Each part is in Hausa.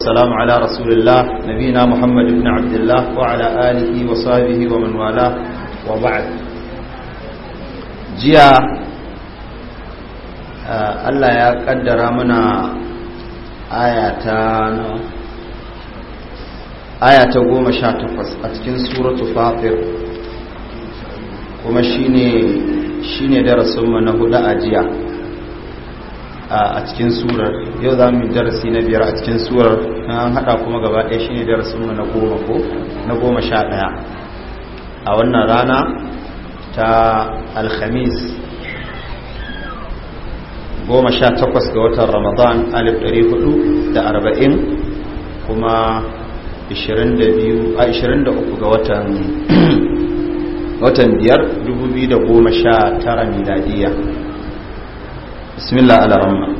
السلام على رسول الله نبينا محمد بن عبد الله وعلى آله وصحبه ومن والاه وبعد جيا الله يا قدر منا آياتان آية goma sha takwas a cikin suratu fatir kuma shine shine darasinmu na hudu a jiya a cikin surar yau za mu darasi na biyar a cikin surar an haɗa kuma gaba ɗaya shine darasinmu na goma ko na goma sha ɗaya a wannan rana ta alhamis goma sha takwas ga watan ramadan alif ɗari hudu da arba'in kuma ashirin da biyu a ashirin da uku ga watan watan biyar dubu biyu da goma sha tara miladiya بسم الله على رمى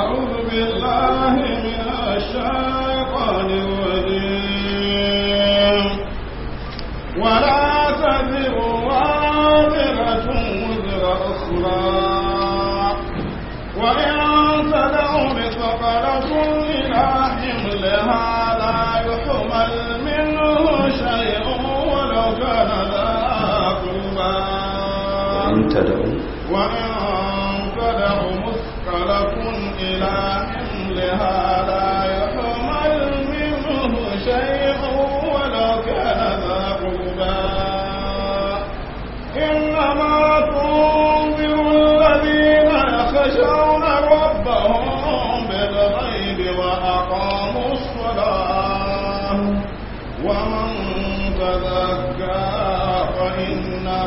أعوذ بالله من الشيطان الرجيم ولا تذر وازرة وزر أخرى وإن تدع مثقلة إلى حملها لا يحمل منه شيء ولو كان ذا قربى وإن تدعو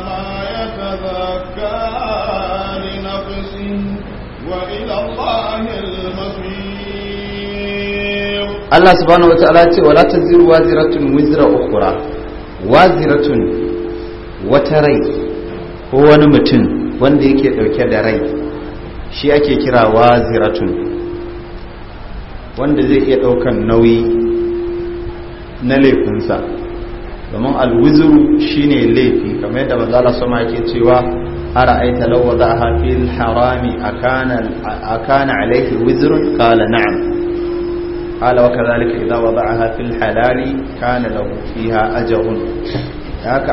ما يتذكر لنفسه وإلى الله المصير الله سبحانه وتعالى ولا تزر وازرة وزر أخرى وازرة وتري هو نمتن wanda yake dauke da rai shi ake kira waziratun wanda zai iya daukan nauyi na laifinsa domin alwizru shine laifi kamar yadda manzo Allah sama yake cewa ara'aita za a hafi harami akana akana alayhi wizir kala na'am قال halari إذا وضعها في الحلال كان له فيها أجر ذاك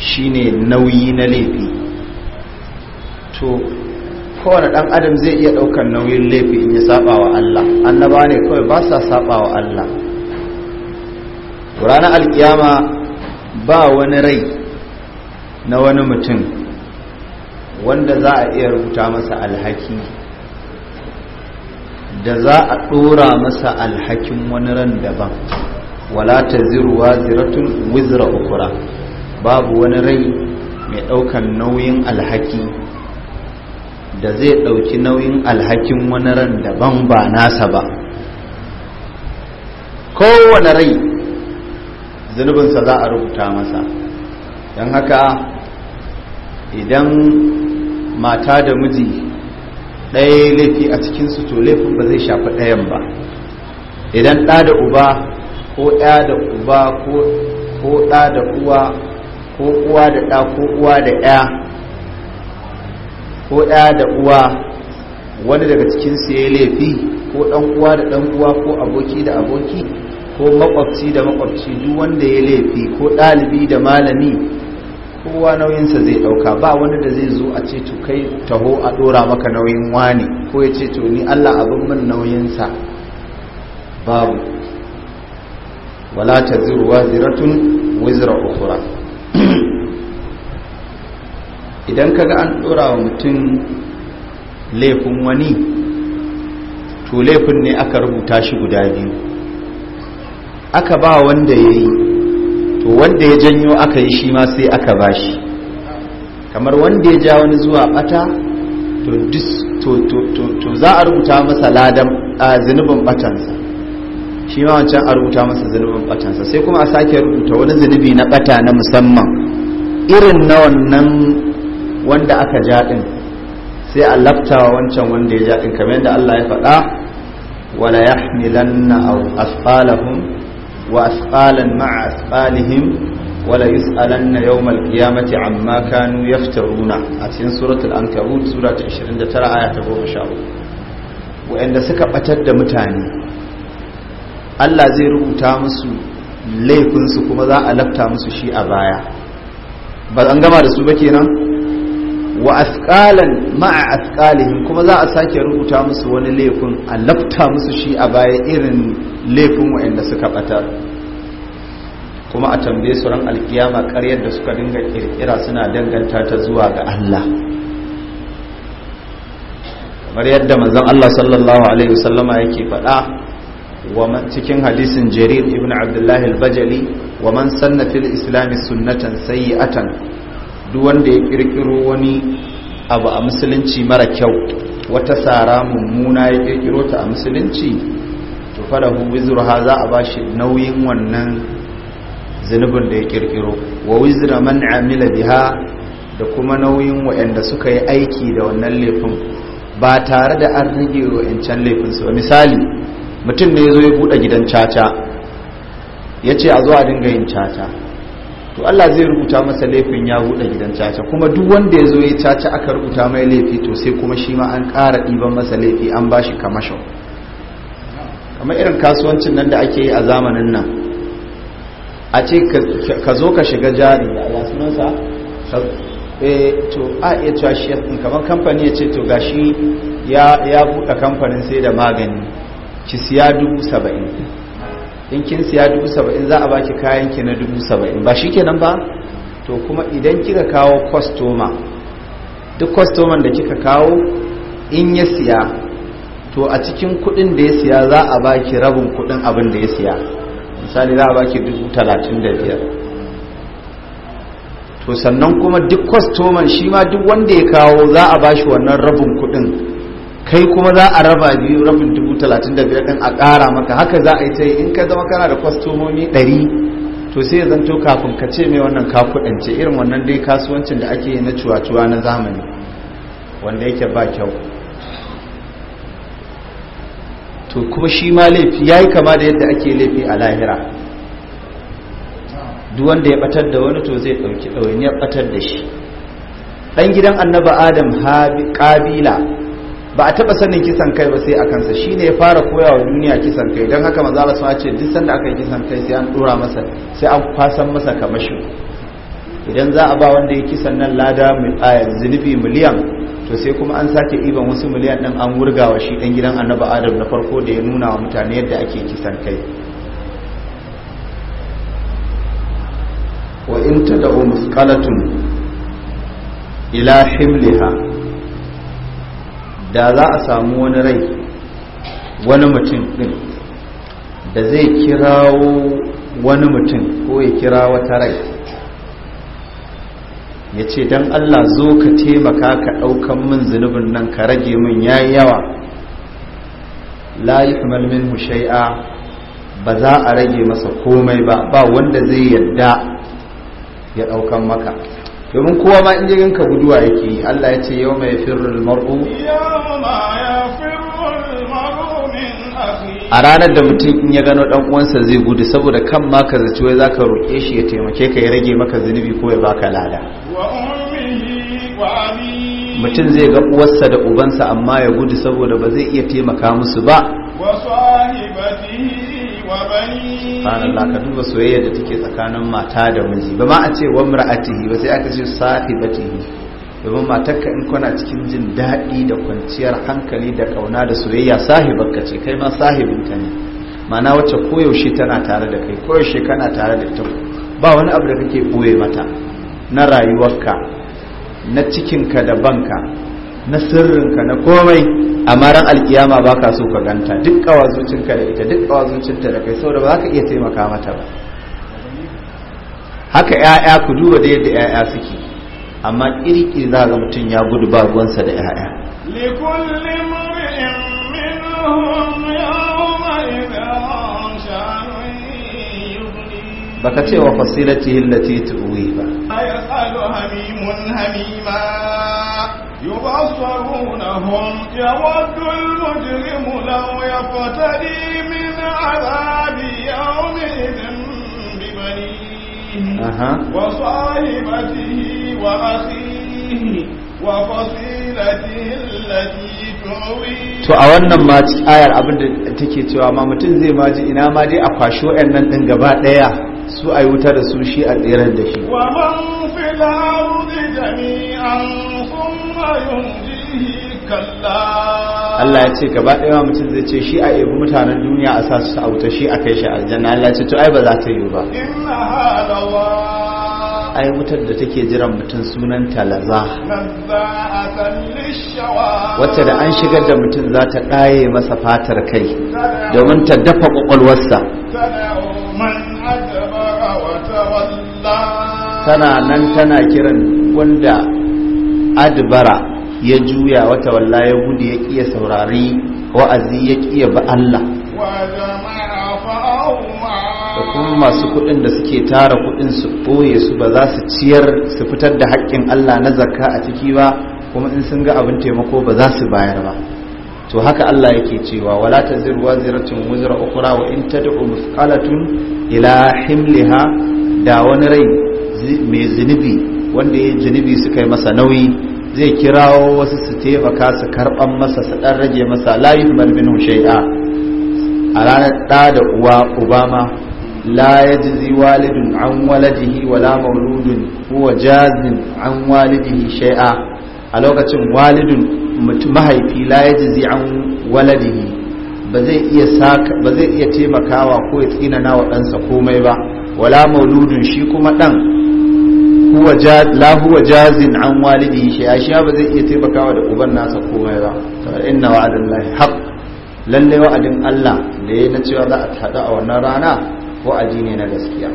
shine nauyi na laifi. to kowane dan adam zai iya daukar nauyin laifi in ya saba wa Allah annaba ne kawai ba sa saba Allah ranar alkiyama ba wani rai na wani mutum wanda za a iya rubuta masa alhaki da za a ɗora masa alhakin wani ran daban wala ta ziruwa ziratun wizra ukura babu wani rai mai ɗaukan nauyin alhaki da zai ɗauki nauyin alhakin wani ran daban ba nasa ba kowane rai zunubinsa za a rubuta masa don haka idan mata da miji ɗaya laifi a cikinsu to laifin ba zai shafi ɗayan ba idan ɗa da uba ko ɗa da uba ko ɗa da uwa ko uwa da ɗa ko uwa da ɗaya ko ɗa da uwa wani daga cikinsu ya laifi ko ɗan uwa da ɗan uwa ko aboki da aboki ko makwabci da makwabci duk wanda ya laifi ko ɗalibi da malami kowa nauyinsa zai ɗauka ba wani da zai zo a ce kai taho a ɗora maka nauyin wani ko ya ce ni allah abin min nauyinsa babu wala ta ziruwa ziratun wizra ukura idan kaga an ɗora wa mutum laifin wani to laifin ne aka rubuta shi guda biyu aka ba wanda ya yi to wanda ya janyo aka yi shi ma sai aka ba shi kamar wanda ya ja wani zuwa bata to za a rubuta masa ladan zunubin batansa shi ma wancan a rubuta masa zunubin batansa sai kuma a sake rubuta wani zunubi na bata na musamman irin na wannan wanda aka ja din sai a laftawa wancan wanda ya ja din kamar yadda Allah ya faɗa wala yahmilanna aw asqalahum وأثقالا مع أثقالهم ولا يسألن يوم القيامة عما كانوا يفترون أتين سورة الأنكبوت سورة 20 ترى آية تقول شاء وإن سكبتت دمتاني Allah zai rubuta musu laifinsu kuma za a lafta musu shi a baya ba an gama da su ba kenan wa asqalan ma'a kuma za a sake rubuta musu wani laifin a lafta musu shi a baya irin laifin wa'anda suka batar kuma a tambaye su ran alkiyama ƙaryar da suka dinga ƙirƙira suna danganta ta zuwa ga Allah kamar yadda manzon Allah sallallahu alaihi wasallama yake faɗa wa cikin hadisin Jarir ibn Abdullahi al-Bajali wa man sanna fil islam sunnatan sayyi'atan duk wanda ya kirkiro wani abu a musulunci mara kyau wata tsara mummuna ya kirkiro ta a musulunci to falahu ha za a ba shi nauyin wannan zunubin da ya kirkiro wa wizira man amila biha da kuma nauyin waɗanda suka yi aiki da wannan laifin ba tare da an rage wa'ancan laifinsu ba misali mutum ne ya zo ya buɗe gidan caca ya ce a zo a dinga yin caca to Allah zai rubuta masa laifin ya buɗe gidan caca kuma duk wanda ya zo ya caca aka rubuta mai laifi to sai kuma shi ma an ƙara ɗiban masa laifi an ba shi kamashin kamar irin kasuwancin nan da ake yi a zamanin nan a ce ka zo ka shiga jari a sunansa eh, to a iya cewa shi kamar kamfani ya ce to gashi ya buɗe kamfanin sai da magani ki siya dubu saba'in in kin siya dubu saba'in za a ba ki kayan ki na dubu saba'in ba shi kenan ba to kuma idan kika kawo kwastoma duk kwastoman da kika kawo in ya siya to a cikin kudin da ya siya za a ba ki rabin kudin abin da ya siya misali za a ba ki dubu talatin da biyar to sannan kuma duk kwastoman shi ma duk wanda ya kawo za a ba shi wannan rabin kudin kai kuma za a raba biyu rabin dubu talatin da biyar ɗin a ƙara maka haka za a yi ta yi in ka zama kana da kwastomomi ɗari to sai ya to kafin ka ce mai wannan kakuɗance irin wannan dai kasuwancin da ake yi na cuwa na zamani wanda yake ba kyau to kuma shi ma laifi ya yi kama da yadda ake laifi a lahira duk ya batar da wani to zai ɗauki ɗauyin ya batar da shi ɗan gidan annaba adam ƙabila ba a taba sanin kisan kai ba sai a kansa ne ya fara koya wa duniya kisan kai don haka maza suna ce duk sanda aka yi kisan kai sai an dora masa sai an kwasan masa kamashi idan za a ba wanda ya kisan nan lada zunubi miliyan to sai kuma an sake iban wasu miliyan ɗin an wurga wurgawa shi dan gidan annabi adam na farko da ya nuna wa mutane yadda ake kisan kai wa in tad'u musqalatun ila himliha da za a samu wani rai wani mutum ɗin da zai kirawo wani mutum ko ya kira wata rai ya ce don allah zo ka taimaka ka ɗaukan min zunubin nan ka rage min ya yi yawa layi kamar min shai'a ba za a rage masa komai ba ba wanda zai yadda ya ɗaukan maka domin kowa ma in yanka ganka guduwa yake Allah ya ce yau mai firrul mar'u a ranar da mutum in ya gano dan uwansa zai gudu saboda kan ma ka zaci wai zaka roke shi ya taimake ka ya rage maka zunubi ko ya baka lada mutum zai ga uwarsa da ubansa amma ya gudu saboda ba zai iya taimaka musu ba subhanallah ka duba soyayya da take tsakanin mata da miji ba ma a ce wa mar'atihi ba sai aka ce sahibatihi domin matarka in kana cikin jin daɗi da kwanciyar hankali da kauna da soyayya sahibarka ce kai ma sahibinka ne mana wacce koyaushe tana tare da kai koyaushe kana tare da ita ba wani abu da kake ɓoye mata na rayuwarka na cikinka da banka na sirrinka na komai amma ran alkiyama ba ka so ka ganta duk zuciyarka da ita duk zuciyarta da kai saboda ba za ka iya taimaka mata ba haka 'ya'ya ku duba da yadda 'ya'ya suke amma kirki za ga mutum ya gudu ba ruwansa da 'ya'ya baka ce wa fasilati hillati tuwi ba hamimun يبصرونهم يود المجرم لو يقتدي من عذاب يومئذ ببنيه وصاحبته وأخيه to a wannan ma ayar abin da take cewa ma mutum zai ma ji ina ma dai a kwasho 'yan nan ɗin gaba ɗaya su a yi wuta da su shi a tseren da shi Allah ya ce gaba ɗaya mutum zai ce shi a ebi mutanen duniya a sa su a wuta shi a kai shi aljanna Allah ya ce to ai ba za ta yi ba ai wutar da take jiran mutum sunan talaza wacce da an shigar da mutum za ta ɗaye masa fatar kai domin ta dafa ƙwaƙwalwarsa tana nan tana kiran wanda adbara ya juya wata walla ya gudu ya kiya saurari wa'azi ya kiya ba Allah da kuma masu kudin da suke tara kudin su boye su ba za su ciyar su fitar da haƙƙin Allah na zakka a ciki ba kuma in sun ga abin taimako ba za su bayar ba to haka Allah yake cewa wala taziru ziratun wuzra ukhra wa in tad'u musqalatun ila himliha da wani rai mai zunubi wanda ya zunubi suka yi masa nauyi zai kirawo wasu su taimaka su karban masa su dan rage masa layin malminu shai'a a ranar ɗa da uwa obama la ya jizi walidin an waladihi wala mauludun huwa jazin an walidihi shai'a a lokacin walidin mahaifi la ya jizi an waladihi ba zai iya taimakawa ko ya tsinana wa ɗansa komai ba wala mauludin shi kuma ɗan huwa la huwa jazin an walidi shi shi ba zai iya taimakawa da uban nasa komai ba saboda inna wa'adallahi haqq lalle wa'adin Allah da ya na cewa za a tada a wannan rana wa'adi ne na gaskiya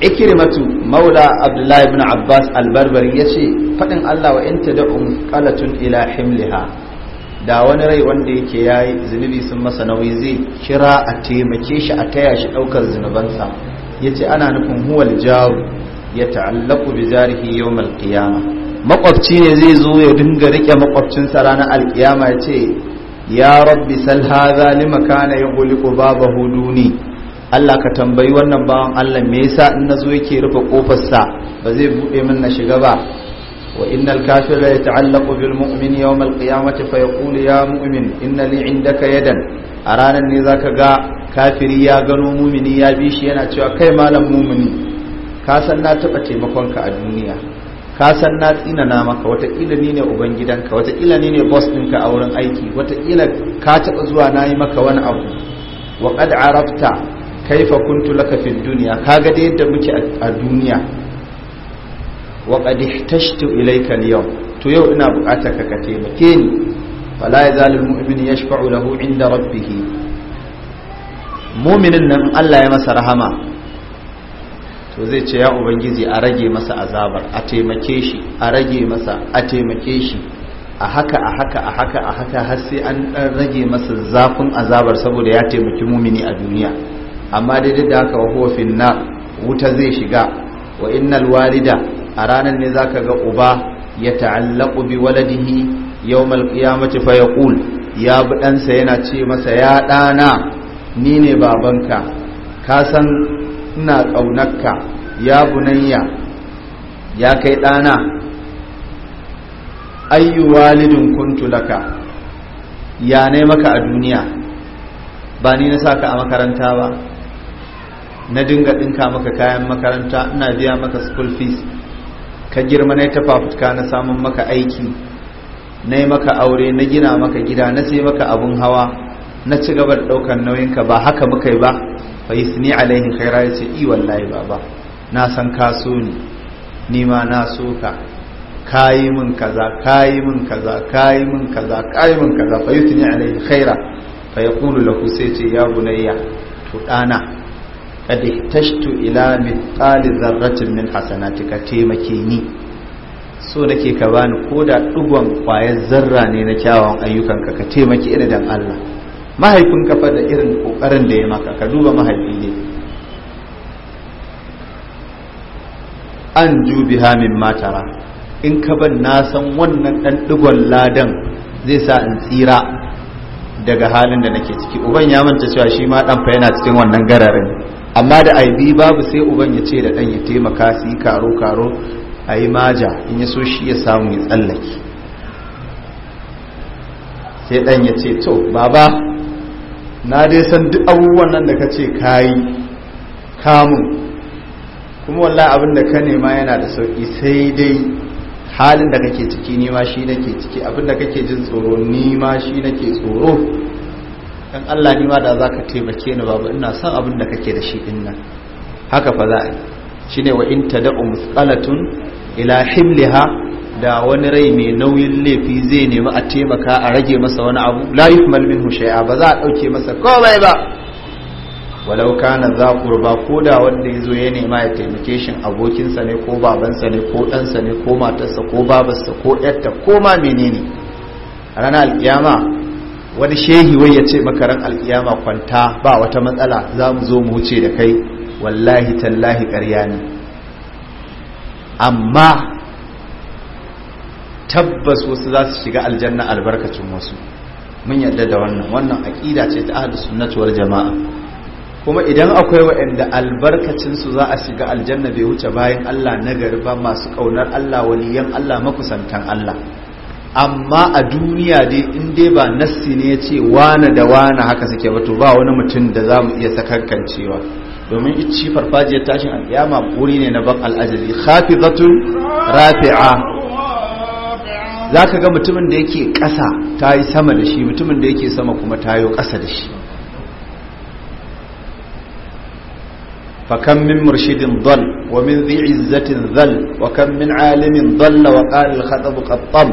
ikrimatu maula abdullahi ibn abbas albarbari yace fadin Allah wa da tad'um qalatun ila himliha da wani rai wanda yake yayi zunubi sun masa nauyi zai kira a taimake shi a taya shi daukar zunubansa yace ana nufin huwal jaru ya ta'allaku bi jarihi yawmal makwabci ne zai zo ya dinga rike makwabcinsa ranar alkiyama ya ce ya rabbi sal hadha limakana yughliqu babahu duni Allah ka tambayi wannan bawan Allah me yasa in nazo yake rufe kofarsa ba zai bude min na shiga ba wa innal kafira yata'allaqu bil mu'min yawm al qiyamati fa yaqulu ya mu'min inna li indaka yadan a ranar ne zaka ga kafiri ya gano mumini ya bi shi yana cewa kai malam mumini ka san na taɓa ka a duniya ka san na tsinana maka wataƙila ni ne ubangidanka wataƙila ni ne boss ɗinka a wurin aiki watakila ka taɓa zuwa na yi maka wani abu wa qad arafta kaifa kuntu laka fi dunya kaga da yadda muke a duniya wa qad ihtashtu ilayka al-yawm to yau ina buƙatar ka ka taimake ni fala ya al mumin yashfa'u lahu inda rabbih mu'minin nan Allah ya masa rahama to zai ce ya ubangiji a rage masa azabar a taimake shi a rage masa a taimake shi a haka a haka a haka a haka har sai an dan rage masa zafin azabar saboda ya taimaki mumini a duniya amma daidai da haka wa finna wuta zai shiga wa innal walida a ranar ne zaka ga uba ya ta'allaqu bi waladihi yawmal qiyamati fa yaqul ya bi ɗansa yana ce masa ya ɗana ni ne babanka ka san ina ƙaunarka ya bunayya ya kai ɗana ayyu walidin kuntu laka ya ne maka a duniya ba ni na saka a makaranta ba na dinga ɗinka maka kayan makaranta ina biya maka school fees ka girma na ta fafutka na samun maka aiki na yi maka aure na gina maka gida na sai maka abun hawa na ci gaba da ɗaukar nauyinka ba haka muka yi ba fa yusni alaihi yace i wallahi baba na san ka so ni ni ma na so ka kayi min kaza kayi min kaza kayi min kaza kayi min kaza fa alaihi khaira fa yaqulu lahu sai ce ya bunayya to dana kad ihtashtu ila mithqali zarratin min hasanatika taimake ni so nake ka bani koda dugon kwayar zarra ne na kyawun ayyukanka ka taimake ni dan Allah mahaifin kafa da irin kokarin da ya maka ka duba mahaifi ne an jubi hamin matara in ka ban na san wannan dan digon ladan zai sa in tsira daga halin da nake ciki uban ya manta cewa shi ma dan fa yana cikin wannan gararin amma da aibi babu sai uban ya ce da ɗan ya taimaka su yi karo karo a yi maja in ya so shi ya samu ya tsallake sai dan ya ce to baba na dai san duk abubuwan nan da ka ce ka yi kamun kuma wallah abin da ka nema yana da sauki sai dai halin da kake ciki ni ma shi nake ciki abin da kake jin tsoro ma shi nake tsoro dan Allah ni ma da zaka taimake ni babu ina san abin da kake da shi din nan haka fa za a yi shine wa in tad'u musqalatun ila himliha da wani rai mai nauyin laifi zai nemi a taimaka a rage masa wani abu laif malmin hushaya ba za a dauke masa komai ba walau kana za ba ko da wanda yazo ya nema ya taimake shin abokinsa ne ko babansa ne ko ɗansa ne ko matarsa ko babarsa ko ƴarta ko ma menene ranar alkiyama wani shehi wai ya ce maka ran alkiyama kwanta ba wata matsala za mu zo mu wuce da kai wallahi tallahi ƙarya ne amma tabbas wasu za su shiga aljanna albarkacin wasu mun yadda da wannan wannan aƙida ce ta ahadu sunnatuwar jama'a kuma idan akwai waɗanda albarkacin su za a shiga aljanna bai wuce bayan Allah na gari ba masu ƙaunar Allah waliyan Allah makusantan Allah amma a duniya dai in dai ba nassi ne ya ce wane da wane haka suke ba to ba wani mutum da za mu iya sakankancewa domin ici farfajiyar tashin alƙiyama wuri ne na ban al'ajabi khafizatun rafi'a za ka ga mutumin da yake ƙasa ta yi sama da shi mutumin da yake sama kuma ta yi ƙasa da shi fakan min murshidin dal wa min zai izzatin zal wa kan min alimin dalla wa ƙalil khatabu qattam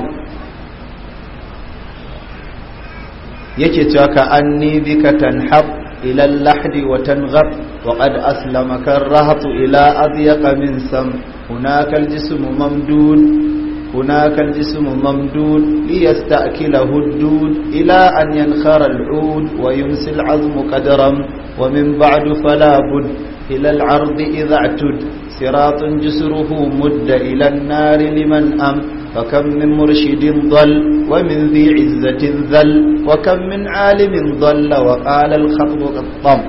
yake cewa ka an ka bika tanhab ila lahdi wa tanghab wa qad aslamaka ar-rahatu ila adyaq min sam hunaka al-jismu mamdud هناك الجسم ممدود ليستأكله الدود إلى أن ينخر العود ويمسي العظم قدرا ومن بعد فلا بد إلى العرض إذا اعتد صراط جسره مد إلى النار لمن أم فكم من مرشد ضل ومن ذي عزة ذل وكم من عالم ضل وقال الخطب قطم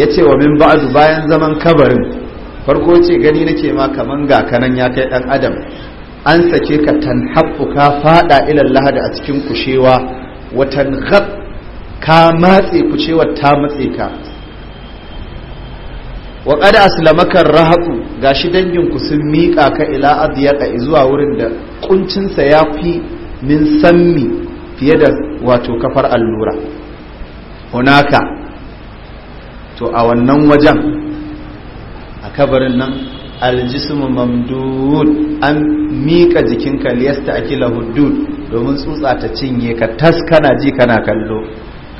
يتي ومن بعد باين زمن كبر farko ce gani nake ma kaman ga kanan ya kai ɗan adam an sake ka tanhaqqu ka fada ila lahada a cikin kushewa watan ghab ka matse kushewar ta matse ka wa qad aslamaka gashi dangin ku sun miƙa ka ila adyaqa zuwa wurin da ƙuncinsa ya fi min sammi fiye da wato kafar allura hunaka to a wannan wajen a kabarin nan aljismu mamdud an mika jikinka liyasta kila hudud domin tsutsa ta cinye ka tas ji kana kallo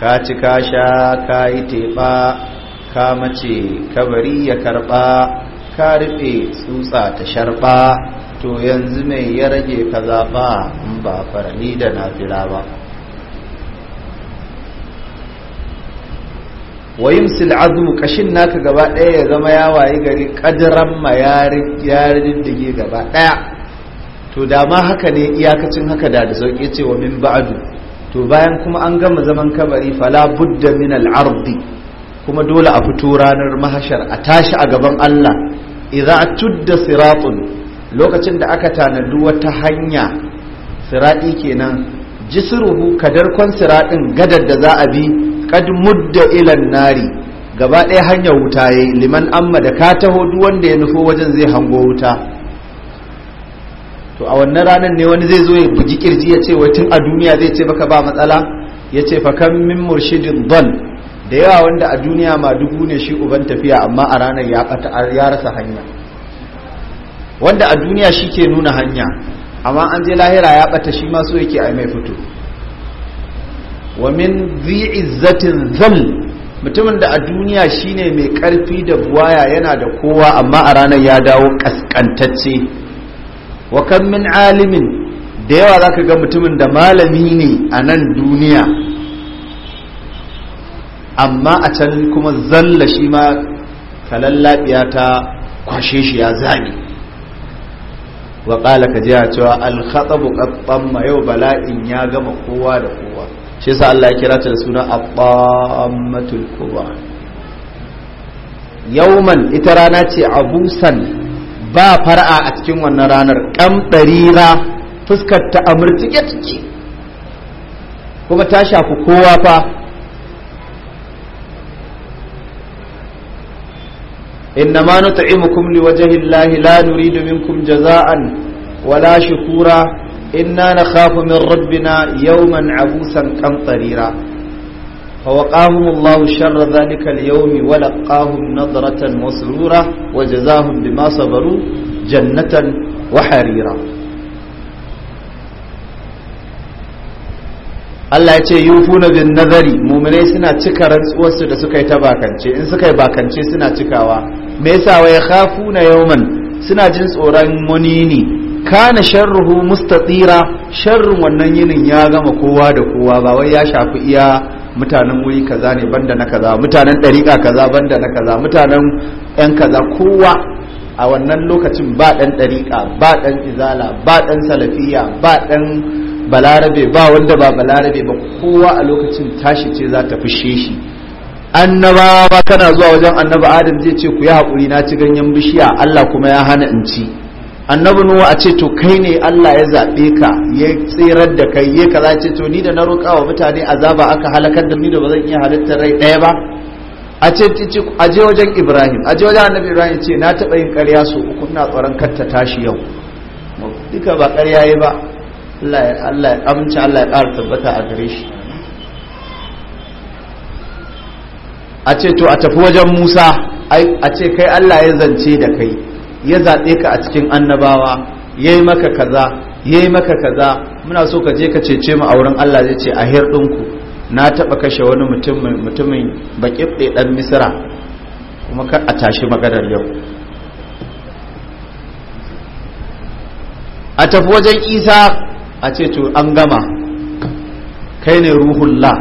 ka ci ka sha ka yi teɓa ka mace kabari ya karɓa ka rufe tsutsa ta sharɓa to yanzu mai ya rage ka zaɓa in ba farani da nafila ba wa yumsil azmu kashin naka gaba ɗaya ya zama ya wayi gari kadiran ma ya riddige gaba ɗaya to da ma haka ne iyakacin haka da da sauƙi ce wa min ba'adu to bayan kuma an gama zaman kabari fala budda min al'ardi kuma dole a fito ranar mahashar a tashi a gaban Allah idza tudda siratun lokacin da aka tanadu wata hanya siraɗi kenan jisruhu kadarkon siraɗin gadar da za a bi kad mudda ilan nari gaba ɗaya hanyar wuta ya yi liman amma da ka taho duk wanda ya nufo wajen zai hango wuta to a wannan ranar ne wani zai zo ya bugi kirji ya ce tun a duniya zai ce baka ba matsala ya ce fa kan min murshidin don da yawa wanda a duniya ma dubu ne shi uban tafiya amma a ranar ya ya rasa hanya wanda a duniya shi ke nuna hanya amma an je lahira ya bata shi ma so yake ai mai fito wa min zi izzatin zal mutumin da a duniya shine mai karfi da buwaya yana da kowa amma a ranar ya dawo kaskantacce wa kan min alimin da yawa zaka ga mutumin da malami ne a nan duniya amma a can kuma zalla shi ma kalallabiya ta kwashe shi ya zagi wa ƙala ka ji cewa alhatsa qattan ma yau bala'in ya gama kowa da kowa shi yasa Allah ya kira ta da suna abamatul kubra yawman ita rana ce a busan ba far'a a cikin wannan ranar kam darira fuskar ta amurtike take kuma ta shafi kowa fa inna إنما نطعمكم لوجه الله لا نريد منكم jaza'an ولا kura. إنا نخاف من ربنا يوما عبوسا قمطريرا فوقاهم الله شر ذلك اليوم ولقاهم نظرة مسرورة وجزاهم بما صبروا جنة وحريرا Allah ya ce yufuna bin nazari muminai suna cika rantsuwarsu da suka yi ta bakance in suka yi bakance suna cikawa me yasa wa yakhafuna yawman suna jin tsoron wani ne kana sharruhu mustatira sharrin wannan yinin ya gama kowa da kowa ba wai ya shafi iya mutanen wuri kaza ne banda na kaza mutanen ɗariƙa kaza banda na kaza mutanen yan kaza kowa a wannan lokacin ba ɗan ɗariƙa ba ɗan izala ba ɗan salafiya ba ɗan balarabe ba wanda ba balarabe ba kowa a lokacin tashi ce za ta fushe shi ba kana zuwa wajen annaba adam zai ce ku yi haƙuri na ci ganyen bishiya allah kuma ya hana in ci annabi nuwa a ce to kai ne Allah ya zaɓe ka ya tsirar da kai ya kaza ce to ni da na roƙa wa mutane azaba aka halakar da ni da ba zan iya halittar rai ɗaya ba a ce a je wajen Ibrahim a je wajen annabi Ibrahim ce na taɓa yin ƙarya so uku ina tsoron kar ta tashi yau duka ba ƙarya yi ba Allah ya Allah ya amince Allah ya ƙara tabbata a gare shi a ce to a tafi wajen Musa a ce kai Allah ya zance da kai ya zaɓe ka a cikin annabawa ya yi maka kaza ya yi maka kaza muna so ka je ka cece mu a wurin Allah zai ce a hirɗinku na taɓa kashe wani mutumin baƙiɓe ɗan misira kuma kar a tashi maganar yau a tafi wajen isa a ce to an gama kai ne ruhullah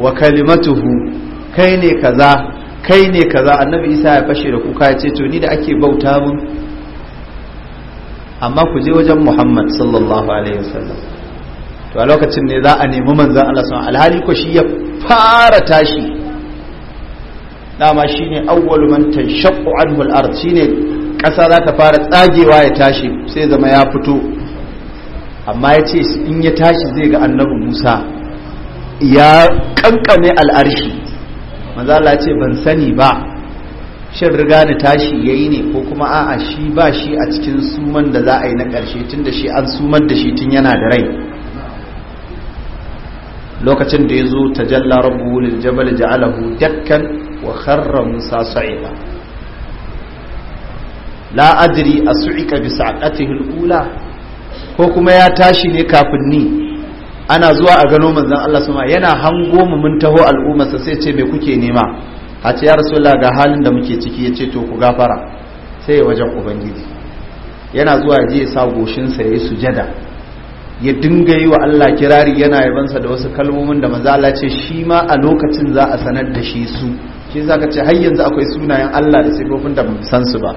wa kalimatuhu kai ne kaza kai ne kaza annabi isa ya fashe da kuka ya ce to ni da ake bauta mun amma ku je wajen muhammad sallallahu alaihi wasallam to a lokacin ne za a nemi manzan Allah sun alhali ko shi ya fara tashi dama shine awwalu man tanshaqqu anhu al-ard shine kasa za ta fara tsagewa ya tashi sai zama ya fito amma ya ce in ya tashi zai ga annabi Musa ya ƙanƙame al'arshi manzala ce ban sani ba shin riga ni tashi yayi ne ko kuma a'a shi ba shi a cikin suman da za a yi na ƙarshe tun da shi an sumar da shi tun yana da rai lokacin da ya zo tajalla rabbuhu lil jabal ja'alahu dakkan wa kharra musa sa'iba la adri asu'ika bi sa'atihi al-ula ko kuma ya tashi ne kafin ni ana zuwa a gano manzon Allah sama yana hango mu mun taho al'ummarsa sai ce me kuke nema a ce ya rasulullah ga halin da muke ciki ya ce to ku gafara sai ya wajen ubangiji yana zuwa ya je ya sa goshinsa ya yi sujada ya dinga yi wa Allah kirari yana yabansa da wasu kalmomin da manzo Allah ce shi ma a lokacin za a sanar da shi su shi zaka ce har yanzu akwai sunayen Allah da sifofin da ba san su ba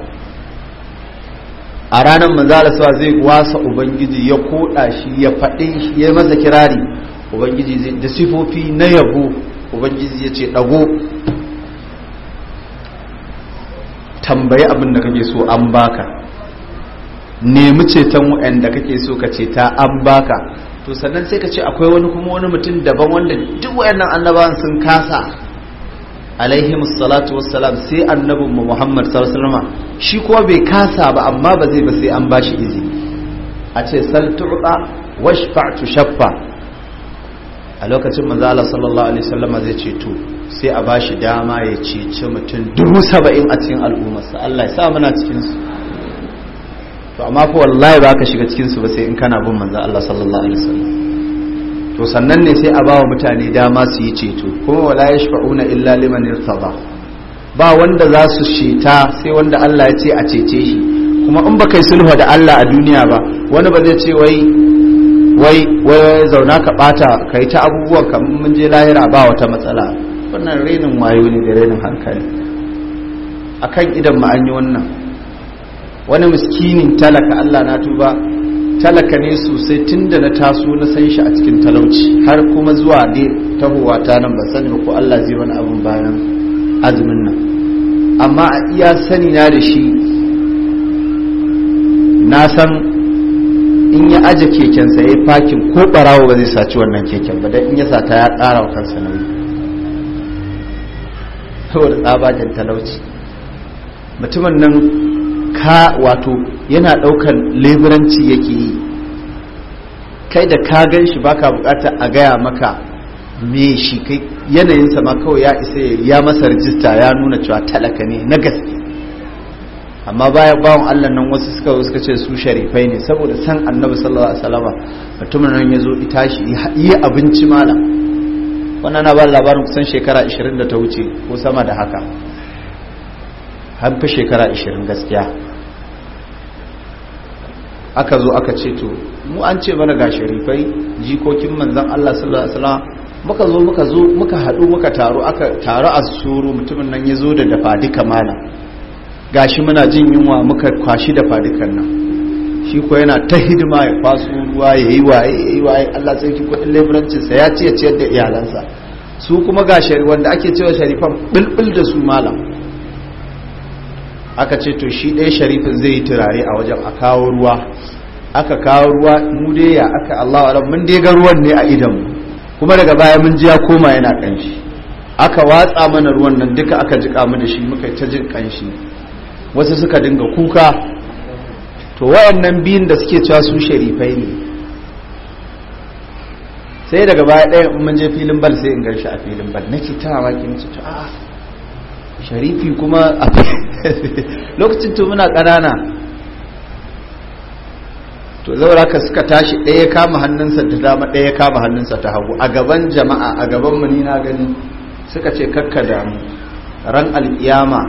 a ranar manzala suwa zai wasa ubangiji ya koda shi ya faɗe shi ya masa kirari ubangiji zai da sifofi na yabo ubangiji ya ce ɗago tambayi abin da kake so an baka nemi ceton da kake so ka ce ta an baka to sannan sai ka ce akwai wani kuma wani mutum daban wanda duk waɗannan annabawan sun kasa alaihimus salatu wassalam sai annabinmu muhammad sallallahu alaihi shi kuwa bai kasa ba amma ba zai ba sai an bashi izi. a ce sal turda tu shafa. a lokacin manzala Allah sallallahu alaihi wasallam zai ce to sai a bashi dama ya cece mutum dubu saba'in a cikin al'ummarsa Allah ya sa muna cikin su to amma fa wallahi ba ka shiga cikin su ba sai in kana bin manzo Allah sallallahu alaihi wasallam to sannan ne sai a bawa mutane dama su yi ceto kuma wala yashfa'una illa liman irtada ba wanda za su sheta sai wanda Allah ya ce a cece shi kuma in baka yi sulhu da Allah a duniya ba wani ba zai ce wai wai wai zauna ka bata kai ta abubuwan kamar mun je lahira ba wata matsala wannan renin wayo ne da renin hankali akan idan ma an yi wannan wani miskinin talaka Allah na tuba talaka ne sosai tun da na taso na san shi a cikin talauci har kuma zuwa dai tahowa ta nan ba sani ko Allah zai wani abun bayan azumin nan amma a iya sani na da shi na san in ya aje kekensa ya yi fakin ko barawo ba zai saci wannan keken ba don in ya sata ya ƙara wa kansa nauyi saboda tsabagen talauci mutumin nan ka wato yana ɗaukan leburanci yake yi kai da ka ganshi baka bukata a gaya maka me shi kai yanayinsa ma kawai ya isa ya masa rijista ya nuna cewa talaka ne na gaske amma baya bawon allah nan wasu suka suka ce su sharifai ne saboda san annabi sallallahu alaihi wasallam mutumin nan ya zo ya tashi yi abinci mala wannan na ba labarin kusan shekara 20 da ta wuce ko sama da haka har fi shekara 20 gaskiya aka zo aka ce to mu an ce mana ga sharifai jikokin manzon Allah sallallahu alaihi wasallam muka zo muka zo muka haɗu muka taru aka taru a suru mutumin nan ya zo da dafa duka mala gashi muna jin yunwa muka kwashi dafa dukan nan shi ko yana ta hidima ya kwaso ruwa ya yi waye ya yi waye Allah sai ki kudin leburancin sa ya ci ya ciyar da iyalansa su kuma ga shari wanda ake cewa sharifan bilbil da su malam aka ce to shi ɗaya sharifin zai yi turare a wajen a kawo ruwa aka kawo ruwa mu dai ya aka Allah wa mun dai ga ruwan ne a idan mu kuma daga baya mun ji ya koma yana ƙanshi aka watsa mana ruwan nan duka aka jiƙa mu da shi muka ta jin ƙanshi wasu suka dinga kuka to wayannan biyun da suke cewa su sharifai ne sai daga baya ɗaya in mun je filin bal sai in garshi a filin bal nake ta waki nace to a ah, sharifi kuma lokacin to muna ƙanana to zaura ka suka tashi ɗaya kama hannunsa ta dama ɗaya kama hannunsa ta hagu a gaban jama'a a gaban mu ni na gani suka ce kakka da mu ran alƙiyama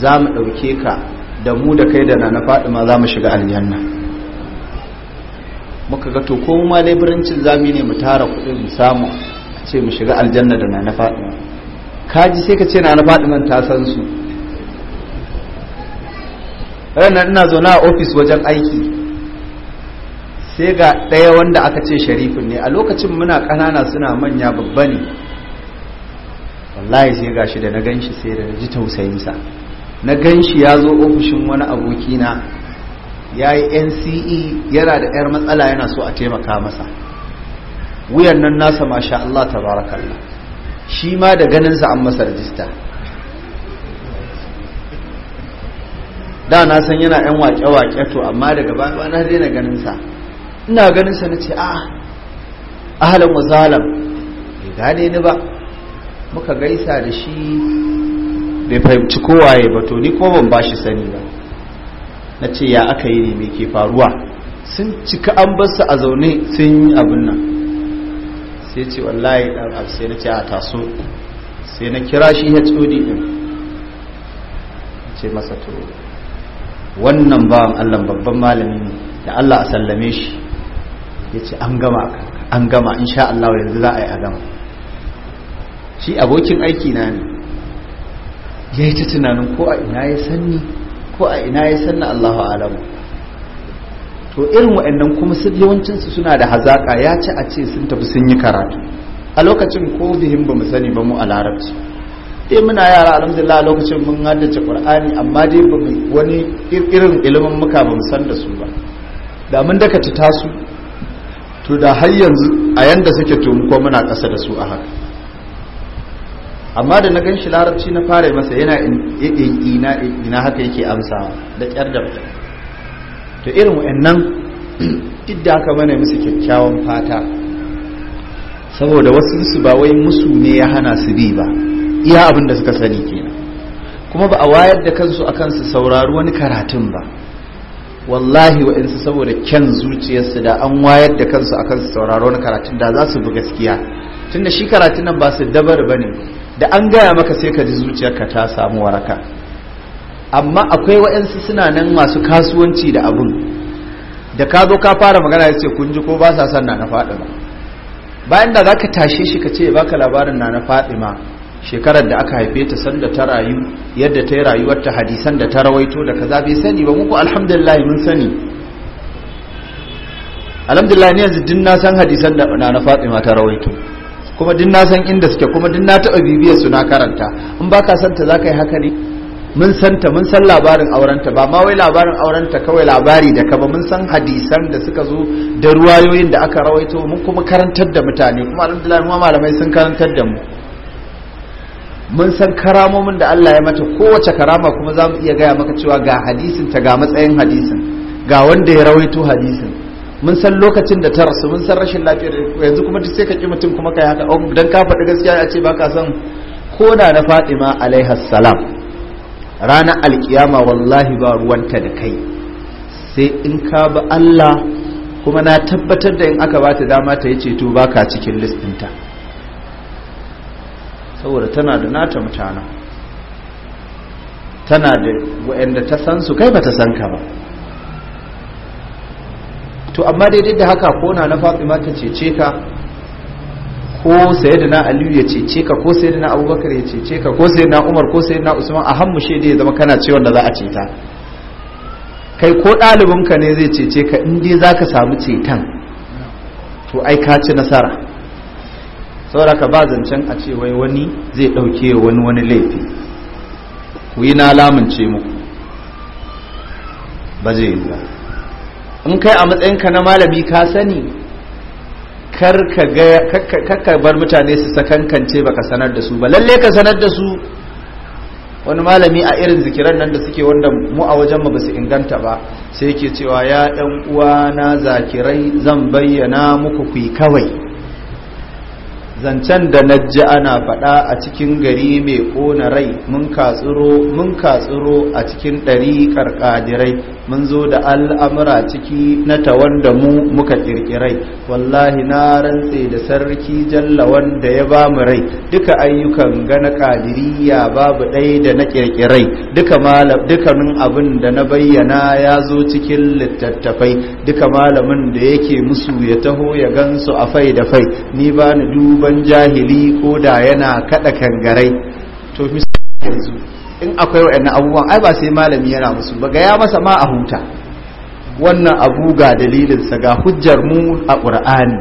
za mu ɗauke ka da mu da kai da na faɗi ma za mu shiga aljanna muka ga to ko ma laibirancin zami ne mu tara kuɗi mu samu a ce mu shiga aljanna da na faɗi kaji sai ka ce na na faɗi man ta san su ranar ina zaune a ofis wajen aiki sai ga ɗaya wanda aka ce sharifin ne a lokacin muna ƙanana suna manya babba ne wallahi sai ga shi da na gan shi sai da na ji tausayinsa na gan shi ya zo ofishin wani abokina ya yi nce yana da 'yar matsala yana so a taimaka masa wuyan nan nasa masha Allah ta barakalla shi ma da ganinsa an masa rajista da na san yana 'yan wake-wake to amma daga baya na daina ganin sa. ina ganin sa nace a ah, ahlan wa zalam bai gane ni ba muka gaisa da shi bai fahimci kowaye ba to ni ko ban bashi sani ba nace ya aka yi ne me ke faruwa sun cika an bar su a zaune sun yi abin nan sai ce wallahi dan abu sai nace a taso sai na kira shi HOD din ce masa to wannan ba Allah babban malami ne da Allah a sallame shi ya ce an gama an gama insha Allah yanzu za a yi a shi abokin aiki na ne ya yi ta tunanin ko a ina ya sanni ko a ina ya sanna Allahu alamu to irin waɗannan kuma su yawancinsu suna da hazaƙa ya ci a ce sun tafi sun yi karatu a lokacin ko bihin ba mu sani ba mu a larabci dai eh, muna yara alhamdulillah a lokacin mun haddace qur'ani amma dai ba wani irin ilimin muka ba mu san da su ba da mun daka ci tasu to da har yanzu a yanda suke tumuko muna ƙasa da su a haka amma da na gan shi larabci na fara masa yana ina haka yake amsa da ƙyar da to irin wa'annan idda aka mana musu kyakkyawan fata saboda wasu su ba wai musu ne ya hana su bi ba iya abin da suka sani kenan kuma ba a wayar da kansu akan su saurari wani karatun ba wallahi wa'insu saboda kyan zuciyarsu da an wayar da kansu akan su sauraro na karatun da za su bi gaskiya da shi karatun nan ba su dabar ba ne da an gaya maka sai ka ji ka ta samu waraka amma akwai wa'insu suna nan masu kasuwanci da abun da ka zo ka fara magana ya ce kun ji ko ba sa son na na faɗi ba bayan da za ka tashe shi ka ce ba ka labarin na na faɗi ma shekarar da aka haife ta sanda ta rayu yadda ta yi rayuwar ta hadisan da ta rawaito da kaza bai sani ba muku alhamdulillah mun sani alhamdulillah ne yanzu din na san hadisan da na Fatima ta rawaito kuma din na san inda suke kuma din na taba bibiyar su na karanta in ka san ta zaka yi haka ne mun san ta mun san labarin aurenta ba ma wai labarin aurenta kawai labari da ka ba mun san hadisan da suka zo da ruwayoyin da aka rawaito mun kuma karantar da mutane kuma alhamdulillah mu malamai sun karantar da mu mun san karamomin da Allah ya mata kowace karama kuma za mu iya gaya maka cewa ga hadisin ta ga matsayin hadisin ga wanda ya rawaito hadisin mun san lokacin da ta rasu mun san rashin lafiyar yanzu kuma duk sai ka ki mutum kuma kai haka oh, dan ka faɗi gaskiya ya ce baka son kona na Fatima alaiha salam ranar alkiyama wallahi ba ruwanta da kai sai in ka bi Allah kuma na tabbatar da in aka bata dama ta yi ceto baka cikin listinta saboda tana da nata mutanen tana da wa'anda ta san su kai ba ta san ka ba to amma daidai da haka ko na na fatima ta cece ka ko sayyidina aliyu ya cece ka ko sayyidina abubakar ya cece ka ko sayyidina umar ko sayyidina usman a hannu shede ya zama kana ce da za a ta kai ko ɗalibinka ne zai cece ka in dai za ka samu cetan to ai ka ci nasara sauraka ba zancen a ce wai wani zai ɗauke wani wani laifi ku yi na lamunce muku ba zai yi ba in kai a matsayinka na malami ka sani karka bar mutane su sakankance ka sanar da su ba lalle ka sanar da su wani malami a irin zikiran nan da suke wanda mu a wajen ba su inganta ba sai yake cewa ya ɗan uwa na zakirai zan bayyana muku kuyi kawai zancen da na ji ana faɗa a cikin gari mai ƙona rai mun katsiro mun a cikin ɗari ƙarƙadirai mun zo da al'amura ciki na ta da mu muka ƙirƙirai wallahi na rantse da sarki jalla wanda ya ba mu rai duka ayyukan gana ƙadiriya babu ɗaya da na ƙirƙirai duka dukanin abin da na bayyana ya zo cikin littattafai duka malamin da yake musu ya taho ya gansu a fai da fai ni ba ni duba karamin jahili ko da yana kada kangarai to misali yanzu in akwai waɗannan abubuwan ai ba sai malami yana musu ba ga ya masa ma a huta wannan abu ga dalilinsa ga hujjar mu a ƙur'ani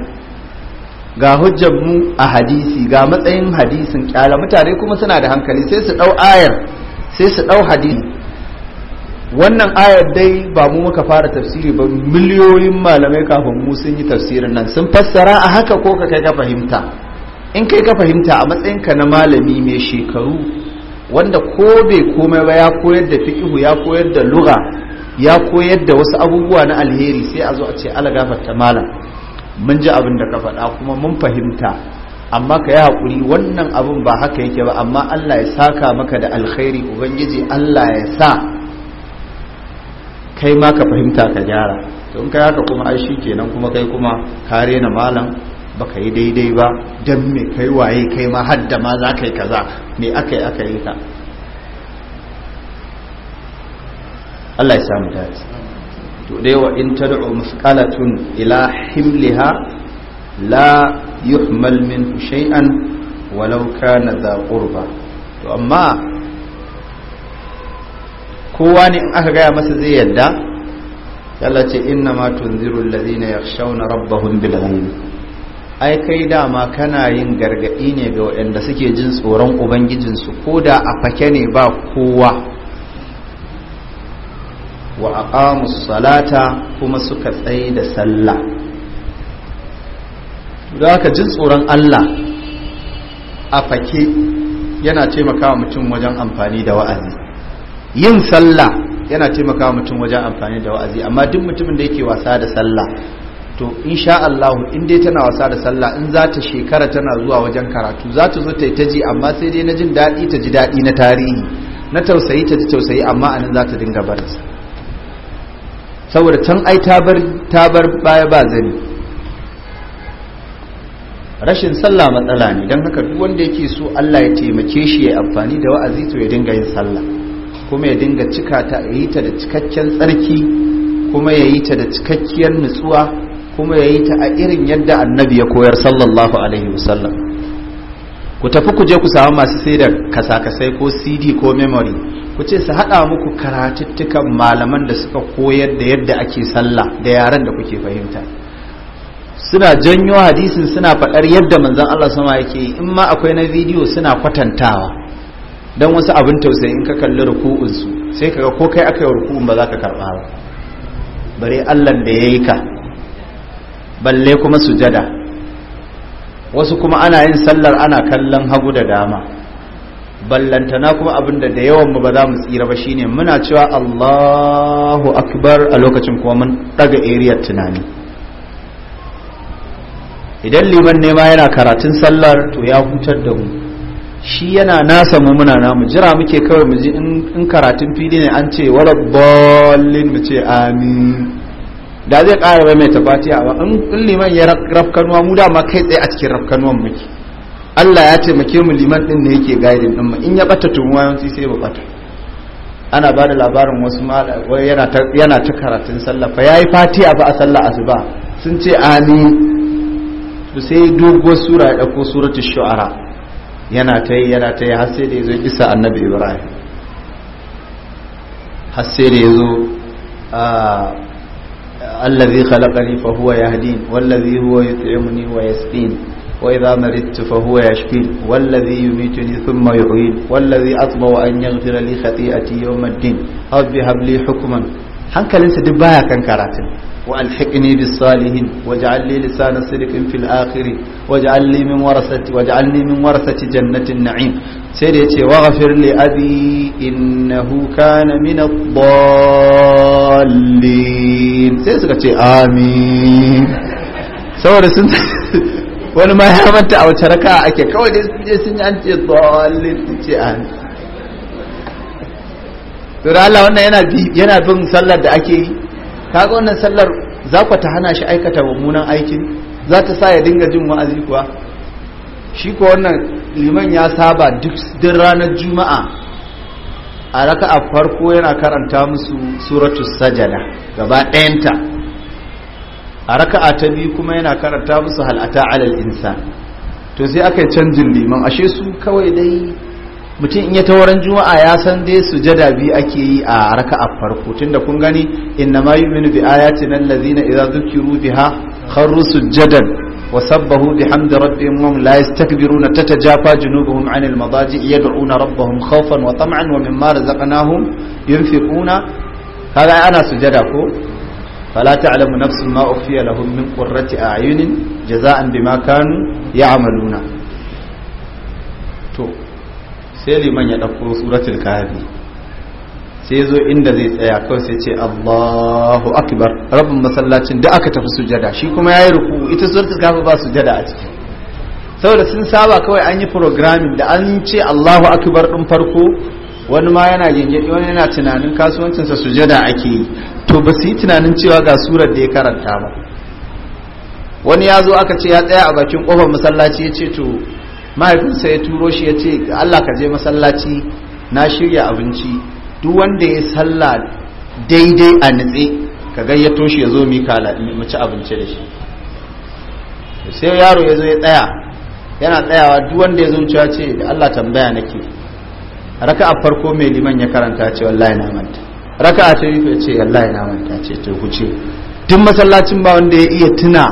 ga hujjar mu a hadisi ga matsayin hadisin kyala mutane kuma suna da hankali sai su ɗau ayar sai su ɗau hadisi wannan ayar dai ba mu muka fara tafsiri ba miliyoyin malamai kafin mu sun yi tafsirin nan sun fassara a haka ko ka kai ka fahimta in kai ka fahimta a matsayinka na malami mai shekaru wanda ko bai komai ba ya koyar da fiƙihu ya koyar da lura ya koyar da wasu abubuwa na alheri sai a zo a ce ala gafarta malam mun ji abin da ka faɗa kuma mun fahimta amma ka yi haƙuri wannan abin ba haka yake ba amma allah ya saka maka da alkhairi ubangiji allah ya sa kai ma ka fahimta ka gyara don kai haka kuma ai shi kenan kuma kai kuma kare na malam baka yi daidai ba don me kai waye kai ma hadda ma za ka yi kaza me aka yi aka yi ka Allah ya samu dace to dai wa in tad'u musqalatun ila himliha la yuhmal min shay'an walau kana dha qurba to amma kowa ne aka gaya masa zai yadda Allah ce inna ma tunziru allazina yakhshawna rabbahum bil ghaibi ai kai dama kana yin gargaɗi ne ga waɗanda suke jin tsoron ubangijinsu ko da a fake ne ba kowa wa aqamus salata kuma suka tsaye da sallah da ka jin tsoron Allah a fake yana taimakawa mutum wajen amfani da wa'azi yin sallah yana taimakawa mutum wajen amfani da wa'azi amma duk mutumin da yake wasa da sallah to insha Allah in dai tana wasa da sallah in za ta shekara tana zuwa wajen karatu za ta zo ta yi ta ji amma sai dai na jin daɗi ta ji daɗi na tarihi na tausayi ta ji tausayi amma a nan za ta dinga barinsa saboda can ai ta bar baya ba zani rashin sallah matsala ne don haka duk wanda yake so Allah ya taimake shi ya amfani da wa'azi to ya dinga yin sallah kuma ya dinga cika ta yi ta da cikakken tsarki kuma ya yi ta da cikakkiyar nutsuwa kuma ya yi ta a irin yadda annabi ya koyar sallallahu alaihi wasallam ku tafi ku je ku samu masu sai da kasakasai ko cd ko memory ku ce su haɗa muku karatuttukan malaman da suka koyar da yadda ake sallah da yaran da kuke fahimta suna janyo hadisin suna faɗar yadda manzon Allah sama yake in ma akwai na bidiyo suna kwatantawa don wasu abin tausayi in ka kalli ruku'unsu sai kaga ko kai aka yi ruku'un ba za ka karɓa ba bare Allah da ya yi ka balle kuma sujada wasu kuma ana yin sallar ana kallon hagu da dama ballantana kuma abin da yawan mu ba za mu tsira ba shine muna cewa Allahu akbar a lokacin kuma mun daga area tunani idan liman ne ma yana karatun sallar to ya hutar da mu shi yana nasa mu muna mu jira muke kawai mu ji in karatun fili ne an ce wala ballin mu ce amin da zai ƙara mai mai tafatiya ba in liman ya rafkanuwa mu dama kai tsaye a cikin rafkanuwan muke Allah ya ce muke mu liman din ne yake gaidin din mu in ya bata tumuwa yanzu sai ba bata ana ba da labarin wasu wai yana ta yana ta karatun sallah fa yayi fatiha ba a sallah asuba sun ce ani to sai dogo sura ya dauko suratul shu'ara yana ta yi yana ta yi har sai da yazo isa annabi ibrahim har sai da yazo ah, الذي خلقني فهو يهدين والذي هو يطعمني ويسقين وإذا مرضت فهو يشفين والذي يميتني ثم يحيين والذي أطمع أن يغفر لي خطيئتي يوم الدين رب هب لي حكما hankalinsa duk baya kan karatun wa alhiqni bis salihin waj'al li lisana sidqin fil akhir waj'al li min warasati waj'alni min jannatin na'im sai da ya ce waghafir li abi innahu kana min ad-dallin sai suka ce amin saboda sun wani ma ya manta a wace raka ake kawai dai sun je sun yi an ce dallin sun ce amin to da Allah wannan yana yana bin sallar da ake yi kaga wannan sallar za ku ta hana shi aikata mummunan aikin za ta sa ya dinga jin wa'azi kuwa shi ko wannan liman ya saba duk din ranar juma'a a raka a farko yana karanta musu suratu sajada gaba ɗayanta a raka a ta biyu kuma yana karanta musu hal'ata alal insa to sai aka yi canjin liman ashe su kawai dai mutum in ya tawaran juma'a ya san dai sujada biyu ake yi a raka a farko tunda kun gani inna ma yi minu bi ayatina allazina idza dhukiru biha su sujadan وسبه بحمد ربهم وهم لا يستكبرون تتجافى جنوبهم عن المضاجع يدعون ربهم خوفا وطمعا ومما رزقناهم ينفقون هذا أنا سجدكم فلا تعلم نفس ما أخفي لهم من قرة أعين جزاء بما كانوا يعملون تو سيلي من يدخل سورة الكهف sai ya zo inda zai tsaya kawai sai ce Allahu akbar rabin masallacin da aka tafi sujada shi kuma ya yi ruku ita suratul kafi ba sujada a ciki saboda sun saba kawai an yi programming da an ce Allahu akbar din farko wani ma yana gengedi wani yana tunanin kasuwancinsa sujada ake yi to ba su yi tunanin cewa ga surar da ya karanta ba wani ya zo aka ce ya tsaya a bakin kofar masallaci ya ce to mahaifinsa ya turo shi ya ce Allah ka je masallaci na shirya abinci duk wanda ya salla daidai a nitse ka gayyato shi ya zo mu ci abinci da shi sai yaro ya zo ya tsaya yana tsayawa duk wanda ya zo cewa ce da Allah tambaya nake raka a farko mai liman ya karanta ce wallahi na manta raka a ta ya ce wallahi na manta ce to huce duk masallacin ba wanda ya iya tuna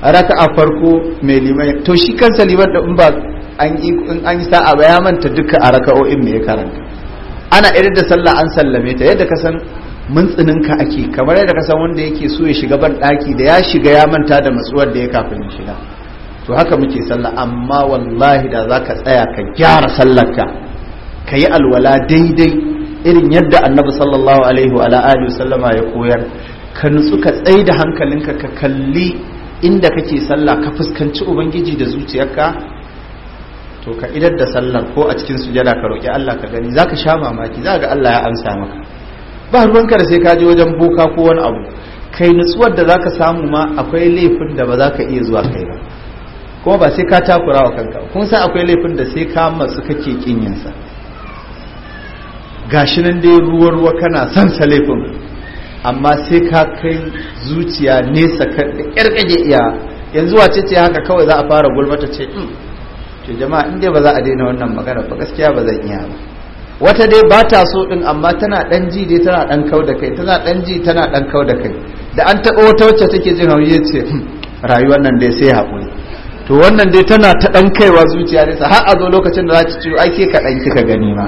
raka a farko mai liman to shi kansa liman da in ba an yi sa'a ba ya manta duka a raka'o'in mai ya karanta ana irin da sallah an sallame ta yadda ka san ka ake kamar yadda ka san wanda yake so ya shiga ban daki da ya shiga ya manta da matsuwar da ya kafin ya shiga to haka muke sallah amma wallahi da za ka tsaya ka gyara sallarka ka yi alwala daidai irin yadda annabi sallallahu alaihi wa alihi sallama ya koyar ka nutsu ka tsai da hankalinka ka kalli inda kake sallah ka fuskanci ubangiji da zuciyarka to ka idar da sallar ko a cikin sujada ka roƙi Allah ka gani zaka sha mamaki za ga Allah ya amsa maka ba ruwanka da sai ka je wajen boka ko wani abu kai nutsuwar da zaka samu ma akwai laifin da ba zaka iya zuwa kai ba kuma ba sai ka takura wa kanka kun san akwai laifin da sai ka matsu kake kin yin sa gashi nan dai ruwa ruwa kana san sa laifin amma sai ka kai zuciya nesa ka ƙarƙaje iya yanzu wace ce haka kawai za a fara gulmata ce hmm, to jama'a inda ba za a daina wannan magana ba gaskiya ba zan iya ba wata dai ba ta so din amma tana dan ji dai tana dan kau da kai tana dan ji tana dan kau da kai da an taɓa wata wacce take jin hauye ce hmm, rayuwar nan dai sai haƙuri to wannan dai tana ta dan kaiwa zuciya dai har a zo lokacin da za ta ciwo ake ka dan kika gani ma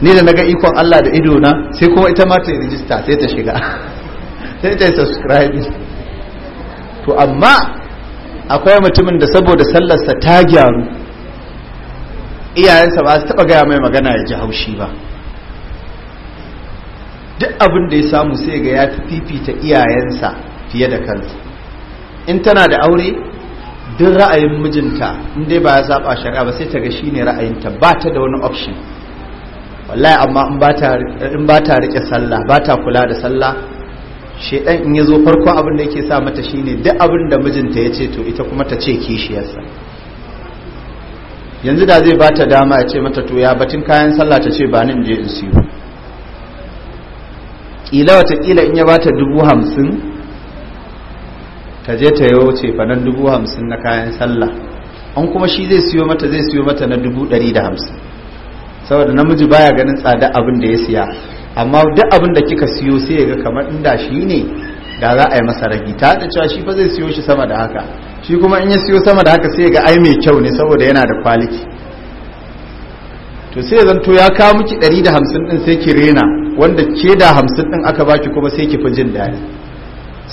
ni da naga ikon Allah da ido na sai kuma ita ma ta rijista sai ta shiga sai ta yi subscribe to amma akwai mutumin da saboda sallarsa ta gyaru iyayensa ba su taba gaya mai magana ya ji haushi ba duk abin da ya samu sai ga ya fifita iyayensa fiye da kansa in tana da aure duk ra'ayin mijinta in dai ba ya zaba shari'a ba sai ta ga shine ra'ayinta ba ta da wani option wallahi amma in ba ta rike sallah ba ta kula da sallah shedan in ya zo farko abin da yake sa mata shine duk abin da mijinta ya ce to ita kuma ta ce kishiyarsa yanzu da zai bata dama ya ce mata to ya batun kayan sallah ta ce ba nan je in siyo kila watakila in ya bata dubu hamsin ta je ta yi wuce fanar dubu hamsin na kayan sallah an kuma shi zai siyo mata zai siyo mata na dubu ɗari da hamsin saboda namiji baya ganin tsada abin da ya siya amma duk abin da kika siyo sai ya ga kamar inda shi ne da za a yi masa ragi ta da cewa shi fa zai siyo shi sama da haka shi kuma in ya siyo sama da haka sai ga ai mai kyau ne saboda yana da kwaliki to sai zan to ya kawo miki 150 din sai ki rena wanda ke da 50 din aka baki kuma sai ki fi jin daɗi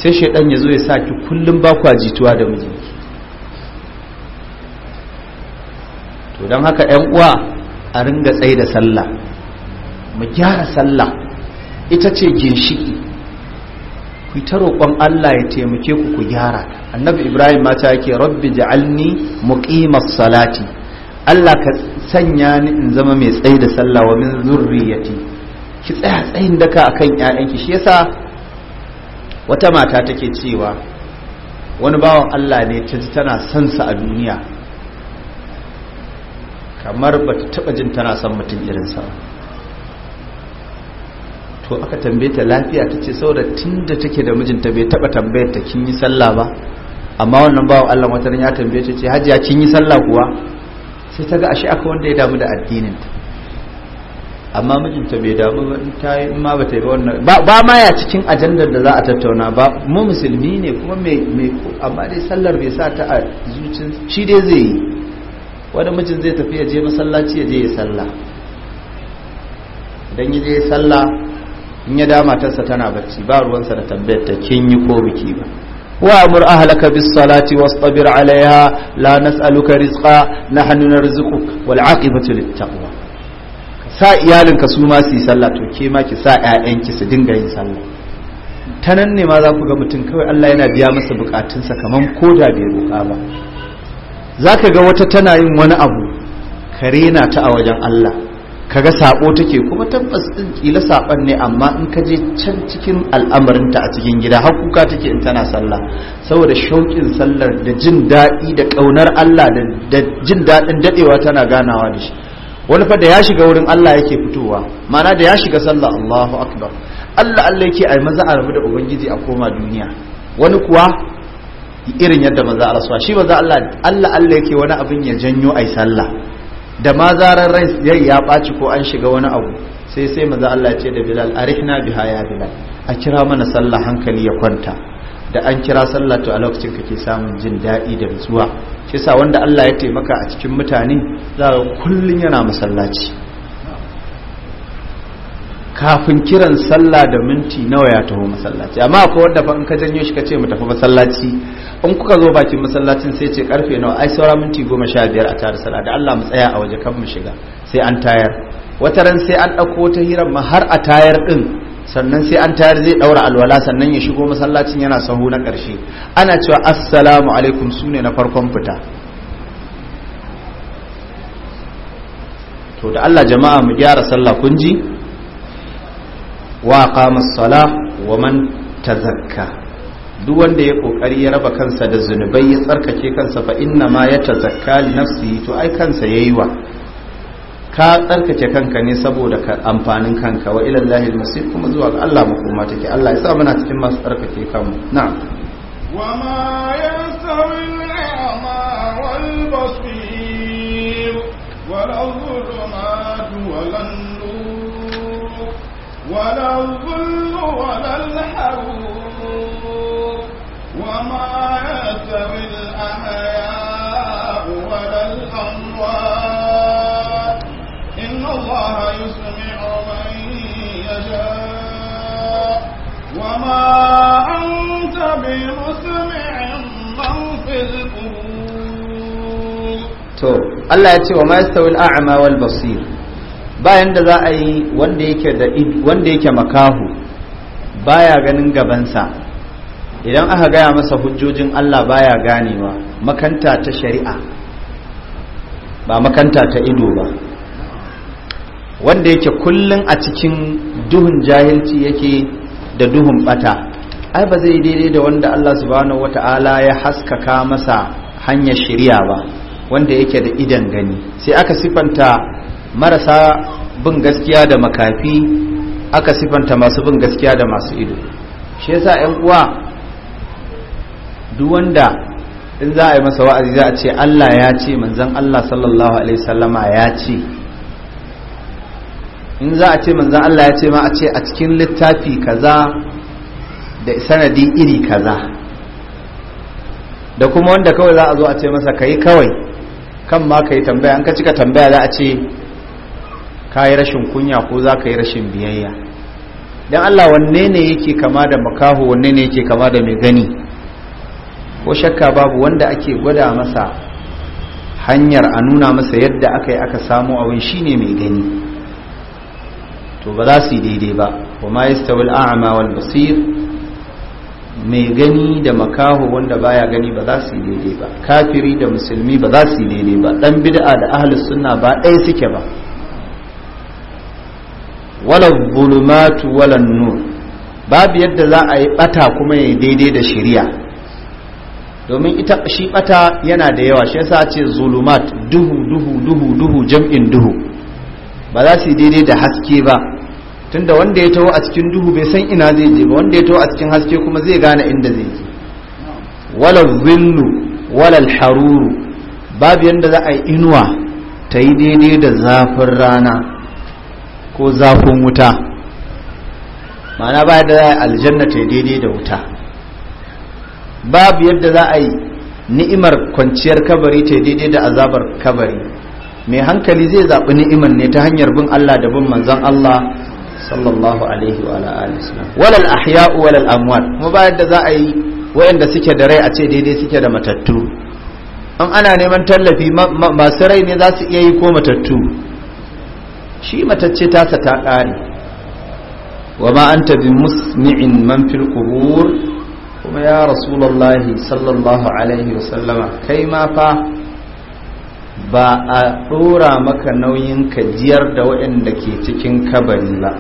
sai shedan ya zo ya sa ki kullum ba kwa jituwa da mijinki to don haka yan uwa a ringa tsaye da sallah mu gyara sallah ita ce ginshiki ku ta roƙon Allah ya taimake ku ku gyara annabi ibrahim mata yake rabbi ja'alni muqimas salati Allah ka sanya ni in zama mai tsayi da sallah wa min zurriyati ki tsaya tsayin daka akan ƴaƴanki shi yasa wata mata take cewa wani bawan Allah ne ta ji tana son sa a duniya kamar bata taba jin tana son mutum irin sa ba to aka tambaye ta lafiya ta ce saboda tunda take da mijinta bai taba tambayar ta kin yi sallah ba amma wannan bawo Allah wata ya tambaye ta ce hajiya kin yi sallah kuwa sai ta ga ashe aka wanda ya damu da addinin ta amma mijinta bai damu ba in ta yi ma ba ta yi ba wannan ba ma ya cikin ajandar da za a tattauna ba mu musulmi ne kuma mai mai amma dai sallar bai sa ta a zuciyar shi dai zai yi wani mijin zai tafi ya je masallaci ya je ya sallah idan ya je ya sallah in ya da matarsa tana bacci ba ruwansa da tabbayar ta kin yi ko biki ba وأمر أهلك بالصلاة واصطبر عليها لا نسألك رزقا نحن نرزقك والعاقبة Ka sa iyalinka su ma su yi sallah to ke ma ki sa ƴaƴanki su dinga yin sallah ta nan ne ma za ku ga mutum kawai Allah yana biya masa bukatunsa kamar ko da bai roƙa ba za ka ga wata tana yin wani abu ka na ta a wajen Allah kaga sabo take kuma tabbas din kila saban ne amma in ka je can cikin al'amarinta a cikin gida har kuka take in tana sallah saboda shauƙin sallar da jin daɗi da ƙaunar Allah da jin daɗin dadewa tana ganawa da shi wani fa da ya shiga wurin Allah yake fitowa ma'ana da ya shiga sallah Allahu akbar Allah Allah yake ai maza a rabu da ubangiji a koma duniya wani kuwa irin yadda maza a rasuwa shi maza Allah Allah Allah yake wani abin ya janyo ai sallah da ma zarar rai yayi ya ɓaci ko an shiga wani abu sai sai maza Allah ce da Bilal arihna biha ya Bilal a kira mana sallah hankali ya kwanta da an kira sallah to a lokacin kake samun jin daɗi da nutsuwa shi yasa wanda Allah ya taimaka a cikin mutane za ka kullun yana masallaci kafin kiran sallah da minti nawa ya taho masallaci amma akwai wanda fa in ka janyo shi ka ce mu tafi masallaci in kuka zo bakin masallacin sai ce karfe nawa ai saura minti goma sha biyar a tare sala da Allah mu tsaya a waje kan mu shiga sai an tayar wata ran sai an ɗauko wata hirar ma har a tayar ɗin sannan sai an tayar zai ɗaura alwala sannan ya shigo masallacin yana sahu na ƙarshe ana cewa assalamu alaikum su ne na farkon fita to da Allah jama'a mu gyara sallah kun ji wa qama wa man tazakka duk wanda ya kokari ya raba kansa da zunubai ya tsarkake kansa fa inna ma ya tazakka li nafsi to ai kansa yayi wa ka tsarkake kanka ne saboda ka amfanin kanka wa ila Allahil masir kuma zuwa ga Allah makoma take Allah ya sa muna cikin masu tsarkake kanmu na'am wa ma yasawi al'ama wal basir wal zulmat wal nur wal dhullu wal harum وما يستوي الأحياء ولا الأموات إن الله يسمع من يشاء وما أنت بمسمع من في القبور تو الله يتي وما يستوي الأعمى والبصير bayan da za a yi wanda yake makahu baya ganin gabansa idan aka gaya masa hujjojin Allah baya ganewa makanta ta shari'a ba makanta ta ido ba wanda yake kullun a cikin duhun jahilci yake da duhun bata ai ba zai daidai da wanda Allah subhanahu wata'ala ya haskaka masa hanyar shari'a ba wanda yake da idan gani sai aka sifanta marasa bin gaskiya da makafi aka sifanta masu bin gaskiya da masu ido shi yasa 'yan uwa duk wanda in za a yi masa wa'azi za a ce Allah ya ce manzan Allah sallallahu alaihi wasallama ya ce in za a ce manzan Allah ya ce ma a ce a cikin littafi kaza da sanadi iri kaza da kuma wanda kawai za a zo a ce masa ka yi kawai kan ma ka yi tambaya an ka cika tambaya za a ce ka yi rashin kunya ko za ka yi rashin biyayya don Allah wanne ne yake kama da makaho wanne ne yake kama da mai gani ko shakka babu wanda ake gwada masa hanyar a nuna masa yadda aka yi aka samu wani shine mai gani to ba za su yi daidai ba kuma ma yastawil a wal basir mai gani da makaho wanda baya gani ba za su yi daidai ba kafiri da musulmi ba za su yi daidai ba dan bid'a da ahlus sunna ba ɗaya suke ba wala bulmatu wala nur babu yadda za a yi bata kuma ya daidai da shari'a domin ita shi bata yana da yawa shi yasa ce zulumat duhu duhu duhu duhu jam'in duhu ba za su daidai da haske ba tunda wanda ya taho a cikin duhu bai san ina zai je ba wanda ya taho a cikin haske kuma zai gane inda zai je wala zillu wala haruru babu yanda za a yi inuwa ta yi daidai da zafin rana ko zafin wuta ma'ana ba da aljanna ta yi daidai da wuta babu yadda za a yi ni'imar kwanciyar kabari ta daidai da azabar kabari mai hankali zai zaɓi ni'imar ne ta hanyar bin Allah da bin manzan Allah sallallahu alaihi wa alaihi walal ahya'u walal amwat kuma ba yadda za a yi wayanda suke da rai a ce daidai suke da matattu an ana neman tallafi masu rai ne za su iya yi ko matattu shi matacce tasa ta ƙare wa ma anta bi musmi'in man fil qubur kuma ya rasulallahi sallallahu alaihi wasallama kai ma fa ba a ɗora maka nauyin kajiyar da waɗanda ke cikin kabari ba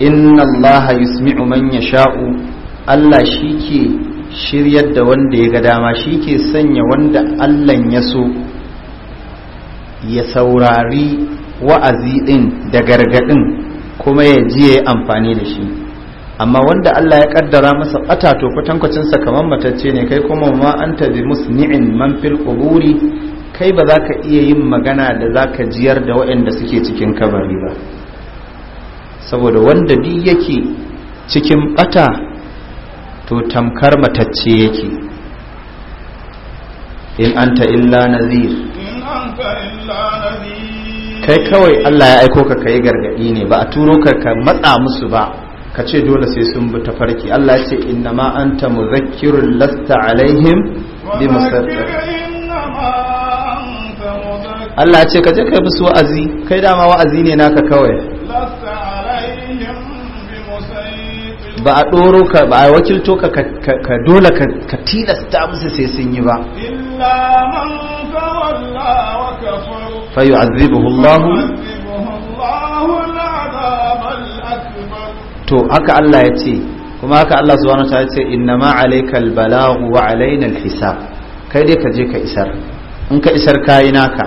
inna allaha yusmi'u man yasha'u allah shi ke shiryar da wanda ya ga dama shi ke sanya wanda Allah ya so ya saurari wa'azi ɗin da gargaɗin kuma ya ji amfani da shi amma wanda Allah ya kaddara masa bata to kwatankwacin sa kamar matacce ne kai kuma ma anta bi musni'in man fil quburi kai ba za ka iya yin magana da za ka jiyar da waɗanda suke cikin kabari ba saboda wanda duk yake cikin bata to tamkar matacce yake in anta illa nazir kai kawai Allah ya aiko ka kai gargadi ne ba a turo ka ka matsa musu ba ka ce dole sai sun bi ta farki Allah ya ce inna ma anta muzakkirul lasta alaihim bi musaddaq Allah ya ce ka je kai musu wa'azi kai dama wa'azi ne naka kawai ba a doro ka ba a wakilto ka ka dole ka tilasta musu sai sun yi ba fa yu'adhibuhu Allahu to haka Allah ya ce kuma haka Allah subhanahu wa ta'ala ya ce ma alaykal balagu wa alaina alhisab kai dai ka je ka isar in ka isar kai naka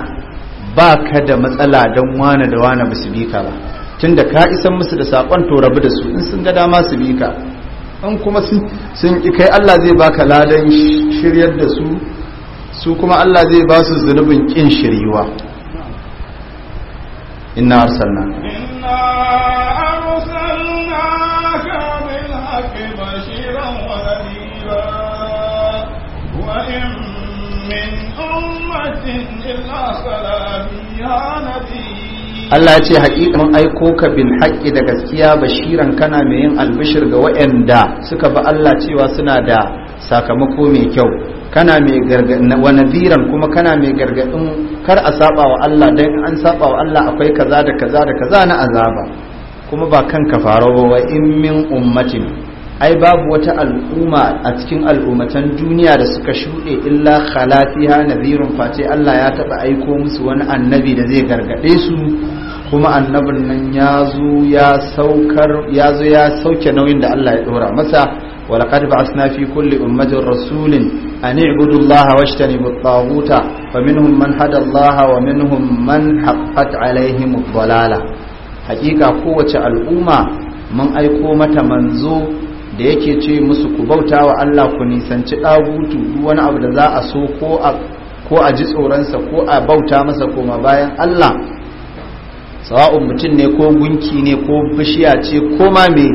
ba ka da matsala don wani da wani ba su bi ka ba tunda ka isan musu da sakon to rabu da su in sun ga dama su bi ka in kuma sun kai Allah zai baka ladan shiryar da su su kuma Allah zai ba su zunubin kin shiryuwa inna arsalna Allah ya Allah ce haƙiƙan aiko ka bin haƙƙi da gaskiya bashiran kana mai yin albishir ga waɗanda suka ba Allah cewa suna da sakamako mai kyau kana mai gargaɗin wa naziran kuma kana mai gargaɗin kar a saba wa Allah dan an saba wa Allah akwai kaza da kaza da kaza na azaba kuma ba kan ka faro ba wa in min ummatin ai babu wata al'umma a cikin al'ummatan duniya da suka shuɗe illa khalatiha nadhirun face Allah ya taɓa aiko musu wani annabi da zai gargade su kuma annabin nan ya zo ya sauke nauyin da Allah ya dora masa wa laqad ba'athna fi kulli ummatin rasulin an i'budu Allaha washtanibu at-taghuta fa minhum man hada Allaha wa minhum man haqqat alaihim ad-dalala hakika kowace al'umma mun aiko mata manzo da yake ce musu ku bauta wa Allah ku nisanci ɗagutu wani abu da za a so ko a ji tsoronsa ko a bauta masa koma bayan Allah sawa'un mutum ne ko gunki ne ko bishiya ce ko ma me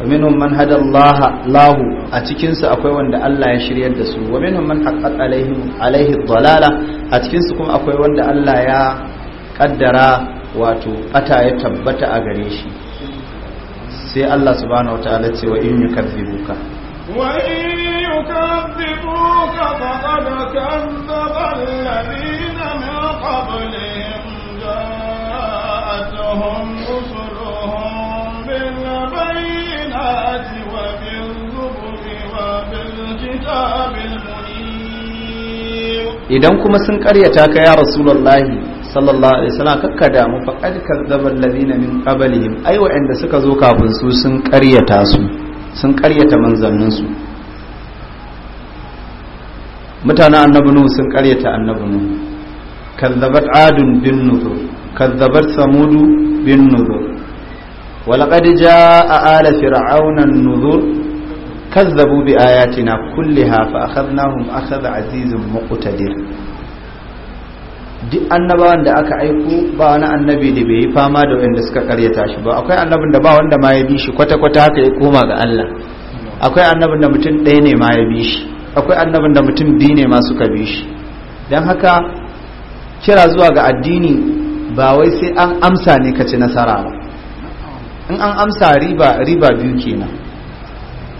waminun man hada lahu a cikinsu akwai wanda Allah ya shiryar da su waminun man haƙaƙ alaihi dalala a cikinsu kuma akwai wanda Allah ya ƙaddara wato ɓata ya tabbata a gare shi sai Allah subhanahu wataala ce wa in yukazzibuka wa in yukazzibuka faqad kazzaba alladhina min qablihim ja'atuhum rusuluhum bil bayyinati wa bil zubri wa bil kitabil munir idan kuma sun karyata ka ya rasulullahi sallallahu alaihi wasallam kakka da mu faqad kadzaba alladhina min qablihim ai wa'anda suka zo kafin su sun ƙaryata su sun ƙaryata manzannin mutanen annabi nuhu sun ƙaryata annabi nuhu kazzabat adun bin nuzur kazzabat samudu bin nuzur ولقد جاء آل فرعون النذر كذبوا بآياتنا كلها فأخذناهم أخذ عزيز مقتدر duk annabawan da aka aiko ba wani annabi da bai yi fama da wanda suka karyata shi ba akwai annabin da ba wanda ma ya bi shi kwata-kwata haka ya koma ga Allah akwai annabin da mutum ɗaya ne ma ya bi shi akwai annabin da mutum biyu ne ma suka bi shi don haka kira zuwa ga addini ba wai sai an amsa ne ka ci nasara ba in an amsa riba riba biyu kenan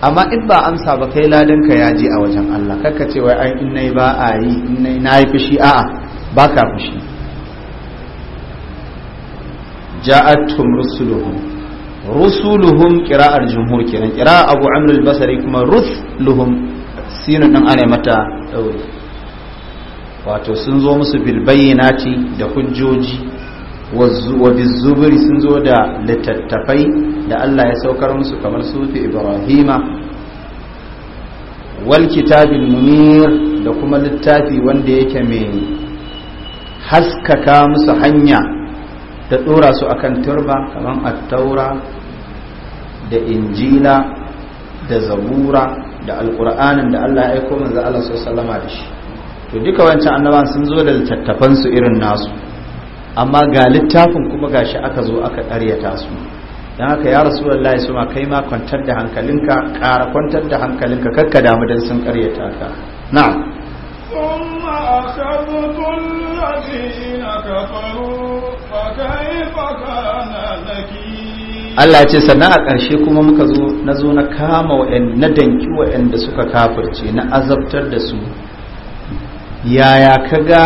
amma in ba amsa ba kai ladan ka ya je a wajen Allah kakka ce wai in nayi ba a yi in nayi na yi fushi a'a ba ka fushi ja'atum rusuluhum rusuluhum qira'ar jumhur kiran qira'a abu amr al-basri kuma rusuluhum sinan nan ana mata dauri wato sun zo musu bil bayyinati da hujjoji wa bizubri sun zo da littattafai da Allah ya saukar musu kamar sufi ibrahima wal kitabil munir da kuma littafi wanda yake mai haskaka musu hanya da ɗora su akan turba kamar attaura da injila da zabura da alƙur'anin da allah ya aiko manzo allah sallama da shi to duka wancan annaban sun zo da littattafansu irin nasu amma ga littafin kuma gashi aka zo aka ƙaryata su dan haka ya rasu wallahi kai ma kwantar da hankalinka ƙara kwantar da hankalinka kakka damu don sun ƙaryata ka na'am ثم أخذت الذين كفروا فكيف كان نكير Allah ya ce sannan a ƙarshe kuma muka zo na zo na kama wa'yan na danki wa'yanda suka kafirce na azabtar da su yaya ka ga